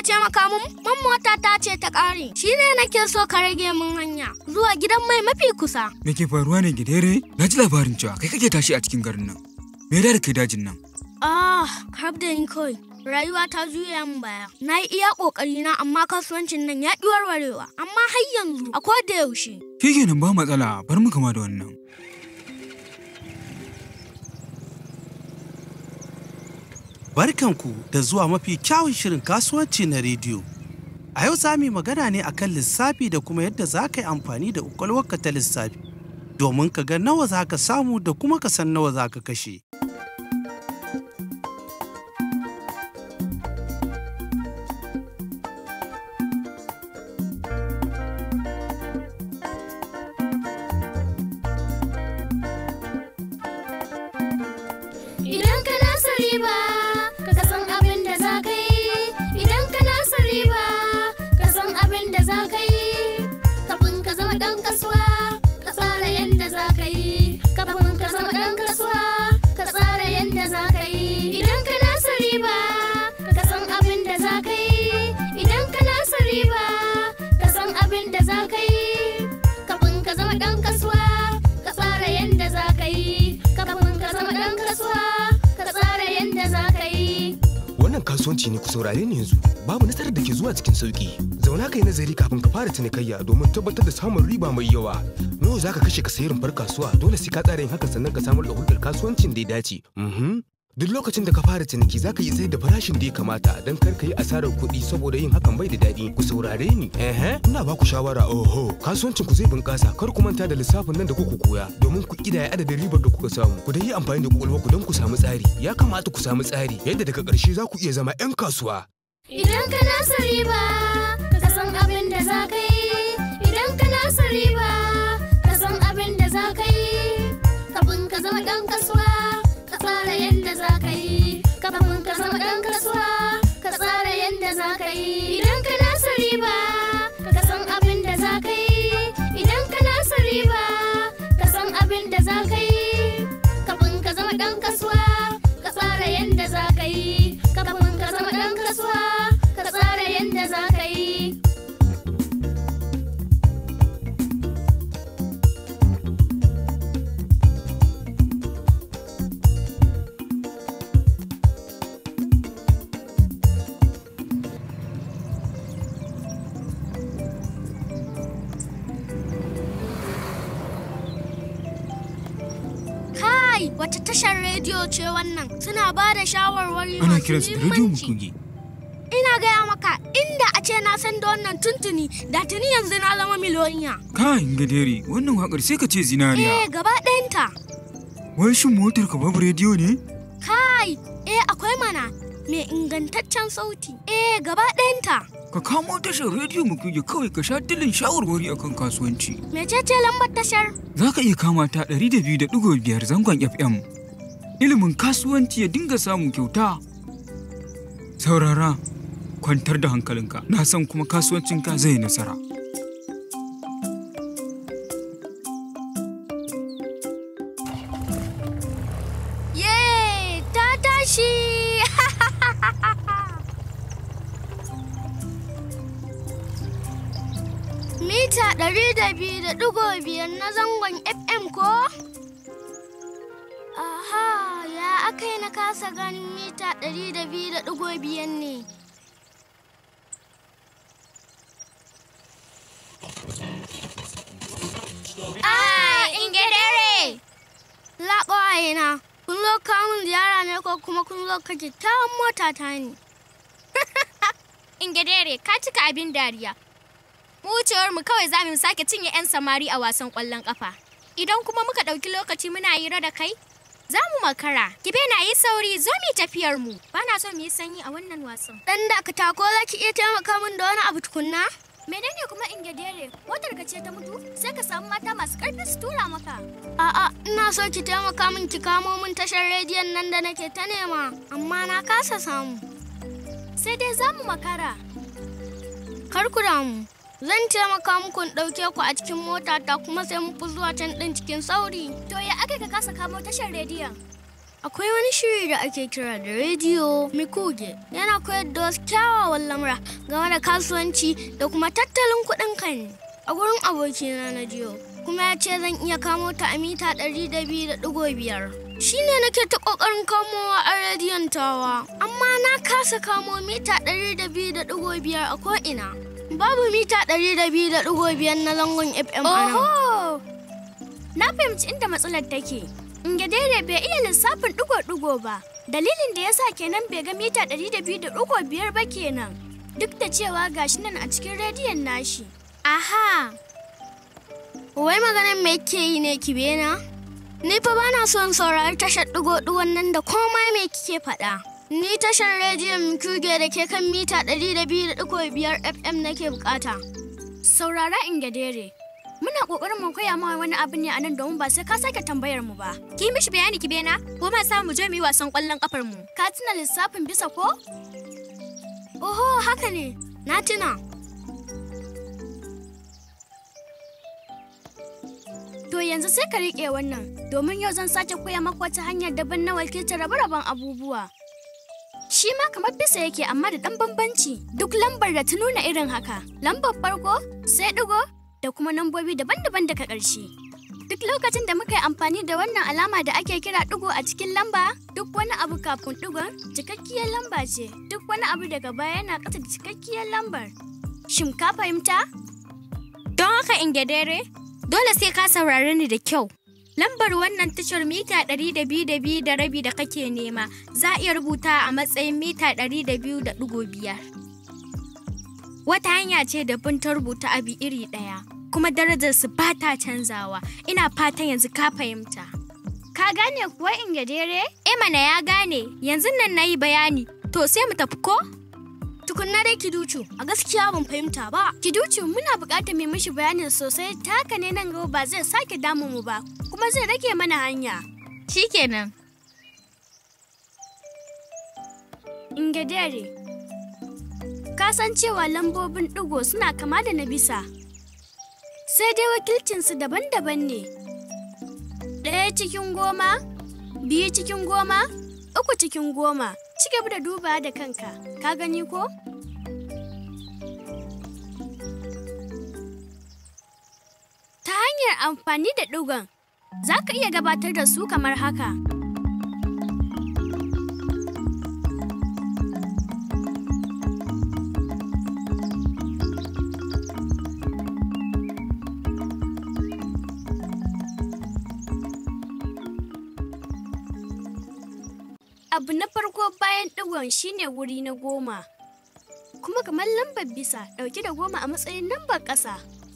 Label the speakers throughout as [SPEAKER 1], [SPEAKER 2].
[SPEAKER 1] ya ce maka mun man mota ta ce ta ƙare. Shi ne nake so ka rage mun hanya zuwa gidan mai mafi kusa.
[SPEAKER 2] Me ke faruwa ne gidere? Na ji labarin cewa kai kake tashi a cikin garin nan. Me da kai dajin nan?
[SPEAKER 1] Ah, Captain Koi, rayuwa ta juya min baya. Na yi iya ƙoƙari na amma kasuwancin nan ya ƙi warwarewa, amma har yanzu a da yaushe.
[SPEAKER 3] kike nan ba matsala, bar mu kama da wannan.
[SPEAKER 2] Barkanku da zuwa mafi kyawun shirin kasuwanci na rediyo. A yau za mu magana ne a kan lissafi da kuma yadda za ka yi amfani da ƙwaƙwalwarka ta lissafi domin ka ga nawa za ka samu da kuma ka san nawa za ka kashe. kasuwanci ne ku saurare ni yanzu babu nasarar da ke zuwa cikin sauki zauna kai nazari kafin ka fara cinikayya domin tabbatar da samun riba mai yawa nawa zaka kashe ka sayi rumfar kasuwa dole sai ka tsara yin haka sannan ka samar da hulɗar kasuwancin da ya dace mm-hmm. Duk lokacin da ka fara ciniki za ka yi sai da farashin da ya kamata don kar ka yi asarar kuɗi saboda yin hakan bai da daɗi. Ku saurare ni. Ehe, ina ba ku shawara oho. Kasuwancin ku zai bunƙasa kar ku manta da lissafin nan da kuku koya domin ku kidaya adadin ribar da kuka samu. Ku dai yi amfani da ku don ku samu tsari. Ya kamata ku samu tsari yadda daga ƙarshe za ku iya zama 'yan kasuwa.
[SPEAKER 4] Idan ka nasa riba, ka san abin da za ka yi. Idan ka nasa riba, ka san abin da za ka yi. Kafin ka zama ɗan kasuwa. tsara yadda za ka yi kafin ka zama ɗan kasuwa ka tsara yadda za ka yi
[SPEAKER 1] Kai, wata tashar rediyo ce wannan suna ba da shawarwari Ana kiran su rediyo Ina gaya maka inda a ce na san da wannan tuntuni da tuni yanzu na zama miliyoniya.
[SPEAKER 2] Kai, gadere wannan wakar sai ka ce zinariya.
[SPEAKER 1] Eh, gaba ɗayanta.
[SPEAKER 2] Wai shin motar ka babu rediyo ne?
[SPEAKER 1] Kai, eh akwai mana mai ingantaccen sauti. Eh, gaba ɗayanta.
[SPEAKER 2] Ka kamo tashar rediyo mu
[SPEAKER 1] kuje kawai ka sha dillin shawarwari akan kasuwanci. ce, lambar tashar? Za ka iya kama ta ɗari da biyu da biyar zangon FM. Ilimin kasuwanci ya dinga samun kyauta. Saurara, kwantar da hankalinka, na san kuma kasuwancinka
[SPEAKER 3] zai nasara.
[SPEAKER 1] da biyu da ɗigo biyar na zangon FM ko? Aha, ya aka yi na kasa ganin mita ɗari da biyu da ɗigo biyar ne. Ah, ingedere! Laɓo a yana, kun zo kamun ziyara ne ko kuma kun zo kake ta mota ta ne. ingedere, ka cika abin dariya. mu wucewar mu kawai zamu sake cinye 'yan samari a wasan kwallon kafa Idan kuma muka ɗauki lokaci muna hira da kai, za makara. Ki na yi sauri zo mu tafiyar mu. Ba na so mu yi sanyi a wannan wasan. Dan da ka tako za ki iya taimaka min da wani abu tukunna? Menene kuma ingedere? Motar ka ce ta mutu sai ka samu mata masu karfi su tura maka. A'a, ina so ki taimaka min ki kamo mun tashar rediyon nan da nake ta nema, amma na kasa samu. Sai dai za mu makara. Kar ku damu. Zan taimaka muku ɗauke ku a cikin mota ta kuma sai muku zuwa can ɗin cikin sauri. To ya aka ka kasa kamo tashar rediyon? Akwai wani shiri da ake kira da rediyo Mikuge yana koyar da wasu kyawawan lamura game da kasuwanci da kuma tattalin kuɗin kan. A gurin abokina na jiyo kuma ya ce zan iya kamo ta a mita ɗari da biyu da ɗigo biyar. Shi ne nake ta ƙoƙarin kamowa a rediyon tawa, amma na kasa kamo mita ɗari da biyu da ɗigo biyar a ko'ina. Babu mita ɗari da biyu da ɗigo biyar na langon FM a Oho! Na fahimci inda matsalar take. daire bai iya lissafin ɗigo-ɗigo ba. Dalilin da ya sa kenan bai ga mita ɗari da biyu da ɗigo biyar ba kenan. Duk da cewa gashi nan a cikin rediyon nashi. Aha! Wai maganin mai kike yi ne bena? Ni fa bana son saurari tashar ɗigo-ɗigon nan da komai mai kike faɗa. Ni tashar rediyon Kuge da ke kan mita 200.5 FM nake bukata. Saurara Ingadere, muna kokarin mu koya mawa wani abu ne a nan domin ba sai ka sake tambayar mu ba. Ki mishi bayani ki bena, ko ma sa mu je mu yi wasan kwallon kafar mu. Ka tuna lissafin bisa ko? Oho, haka ne. Na tuna. To yanzu sai ka riƙe wannan, domin yau zan sake koya maka wata hanyar daban na wakiltar rabe-raben abubuwa. Shi ma kamar bisa yake amma da ɗan bambanci duk lambar da ta nuna irin haka. Lambar farko sai ɗigo da kuma lambobi daban-daban daga ƙarshe. Duk lokacin da muka yi amfani da wannan alama da ake kira ɗigo a cikin lamba, duk wani abu kafin ɗigon cikakkiyar lamba ce, duk wani abu daga baya yana ƙasa da cikakkiyar lambar. Shin ka fahimta? Don haka Ingedere, dole sai ka saurare ni da kyau. Lambar wannan tashar mita ɗari da da rabi da kake nema za a iya rubuta a matsayin mita ɗari Wata hanya ce da ta rubuta abu iri ɗaya, kuma darajarsu ba ta canzawa, ina fatan yanzu ka fahimta. Ka gane kuwa in gajere? Emana eh ya gane, yanzu nan na yi bayani, to sai mu tafi ko? Tukunna dai Kiducu, a gaskiya ban fahimta ba. Kiducu muna buƙatar mai mishi bayanin sosai ta haka ne nan gaba ba zai sake damu mu ba, kuma zai rage mana hanya. Shikenan. Ingedere. Ka san cewa lambobin ɗigo suna kama da na bisa. Sai dai wakilcin su daban-daban ne. Ɗaya cikin goma, biyu cikin goma, uku cikin goma. Ci gaba da duba da kanka, ka gani ko? Ta hanyar amfani da ɗigon, za ka iya gabatar da su kamar haka. Abu na farko bayan ɗigon shine wuri na goma. Kuma kamar lambar bisa ɗauke da goma a matsayin lambar ƙasa.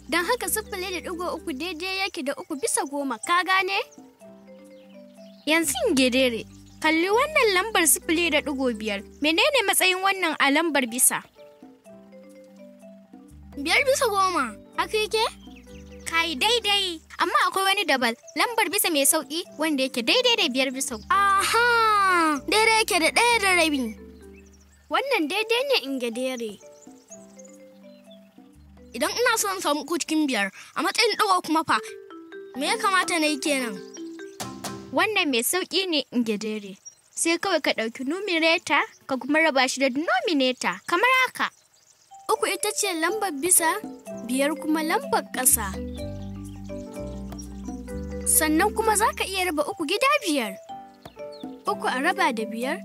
[SPEAKER 1] Don haka siffili da ɗigo uku daidai yake da uku bisa goma, ka gane? Yanzu gedere, kalli wannan lambar sifili da ɗigo biyar, menene matsayin wannan a lambar bisa? Biyar bisa goma, haka yake? Kai daidai, amma akwai wani dabal, lambar bisa mai sauƙi wanda yake daidai da biyar bisa goma. Daidai yake da ɗaya da rabi. Wannan daidai ne in ga dere. Idan ina so in samu uku cikin biyar, a matsayin ɗago kuma fa, me ya kamata na yi kenan? Wannan mai sauƙi ne in ga dere. Sai kawai ka ɗauki numerator ka kuma raba shi da denominator kamar haka. Uku ita ce lambar bisa, biyar kuma lambar ƙasa. Sannan kuma za ka iya raba uku gida biyar. uku a raba da biyar?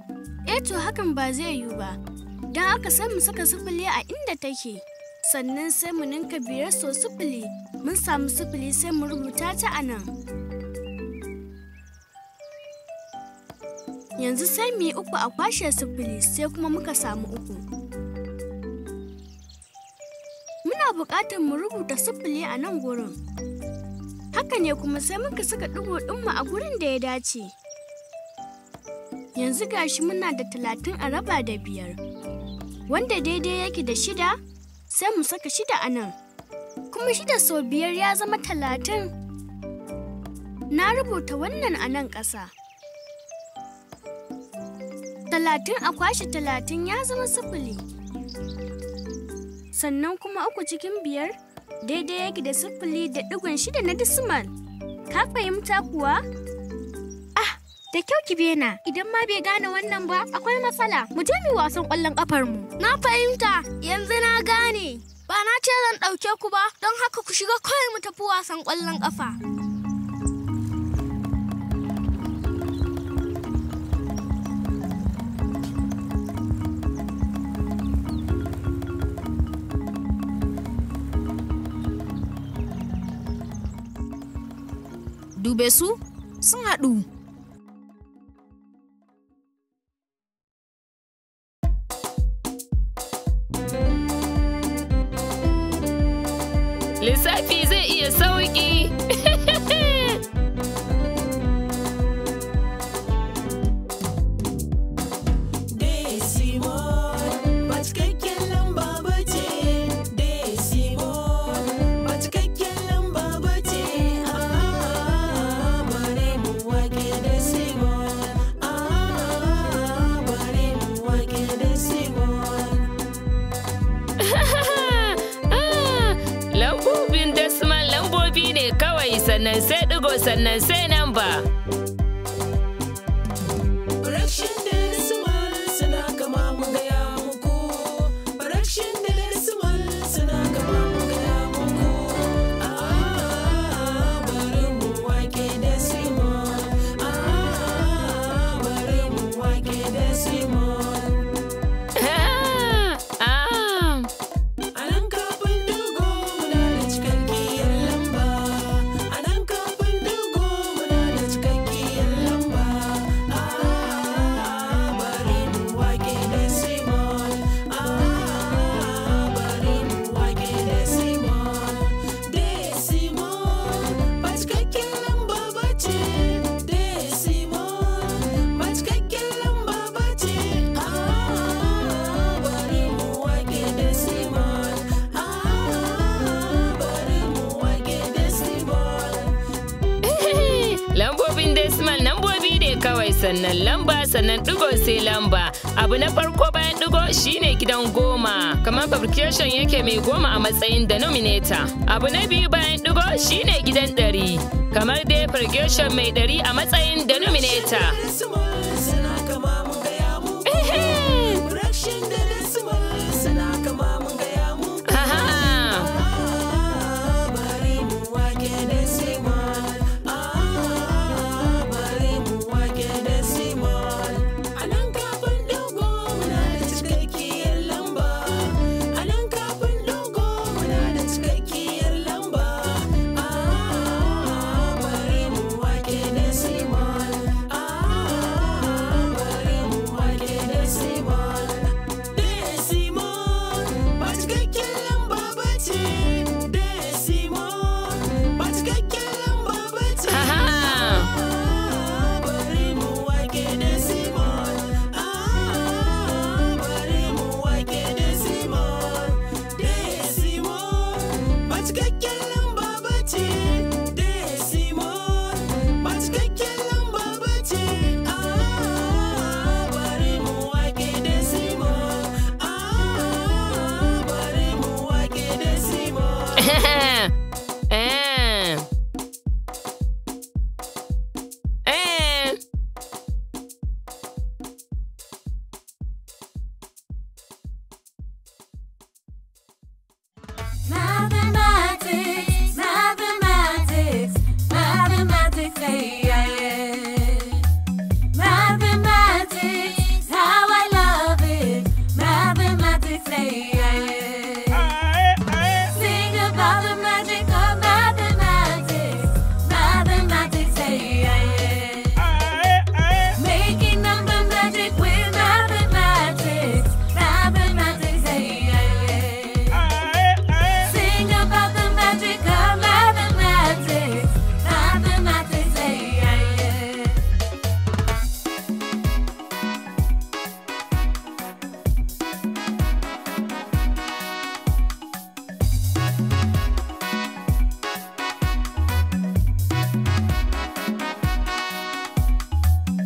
[SPEAKER 1] E to hakan ba zai yiwu ba, don aka sai mu saka sifili a inda take. Sannan sai mu ninka biyar so sifili, mun samu sifili sai mu rubuta ta a nan. Yanzu sai mu yi uku a kwashe sifili sai kuma muka samu uku. Muna buƙatar mu rubuta sifili a nan gurin. Haka ne kuma sai muka saka ɗigo ɗinmu a gurin da ya dace. yanzu gashi muna da talatin a raba da biyar wanda daidai yake da shida sai mu saka shida a nan kuma shida sau biyar ya zama talatin na rubuta wannan a nan ƙasa talatin a kwashe talatin ya zama sifili sannan kuma uku cikin biyar daidai yake da sifili da ɗigon shida na disman ka fahimta kuwa Da kyau ki bena, idan ma bai gane wannan ba akwai matsala. Mu je mu wasan ƙwallon ƙafar mu. Na fahimta, yanzu na gane. Ba na ce zan ɗauke ku ba, don haka ku shiga kawai mu tafi wasan ƙwallon ƙafa. Dube su, sun haɗu.
[SPEAKER 4] listeners in. sai lamba abu na farko bayan digo shine gidan goma kamar fabrication yake mai goma a matsayin denominator abu na biyu bayan digo shine gidan dari kamar dai fabrication mai dari a matsayin denominator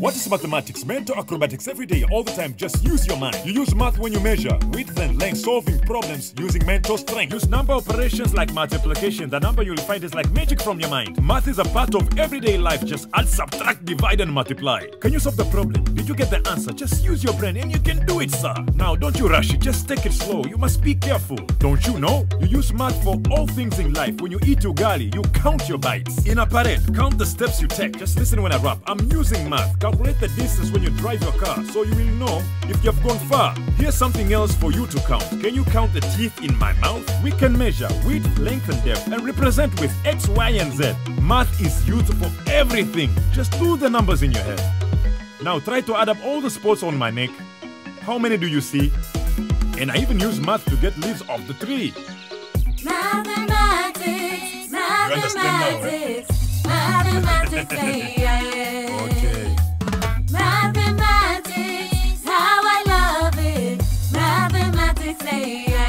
[SPEAKER 2] What is mathematics? Mental acrobatics every day, all the time. Just use your mind. You use math when you measure width and length, solving problems using mental strength. Use number operations like multiplication. The number you'll find is like magic from your mind. Math is a part of everyday life. Just add, subtract, divide, and multiply. Can you solve the problem? Did you get the answer? Just use your brain and you can do it, sir. Now, don't you rush it. Just take it slow. You must be careful. Don't you know? You use math for all things in life. When you eat ugali, you count your bites. In a parade, count the steps you take. Just listen when I rap. I'm using math. Calculate the distance when you drive your car so you will know if you have gone far. Here's something else for you to count. Can you count the teeth in my mouth? We can measure width, length and depth and represent with X, Y and Z. Math is used for everything. Just do the numbers in your head. Now try to add up all the spots on my neck. How many do you see? And I even use math to get leaves off the tree.
[SPEAKER 3] mathematics, mathematics, mathematics, yeah, yeah. say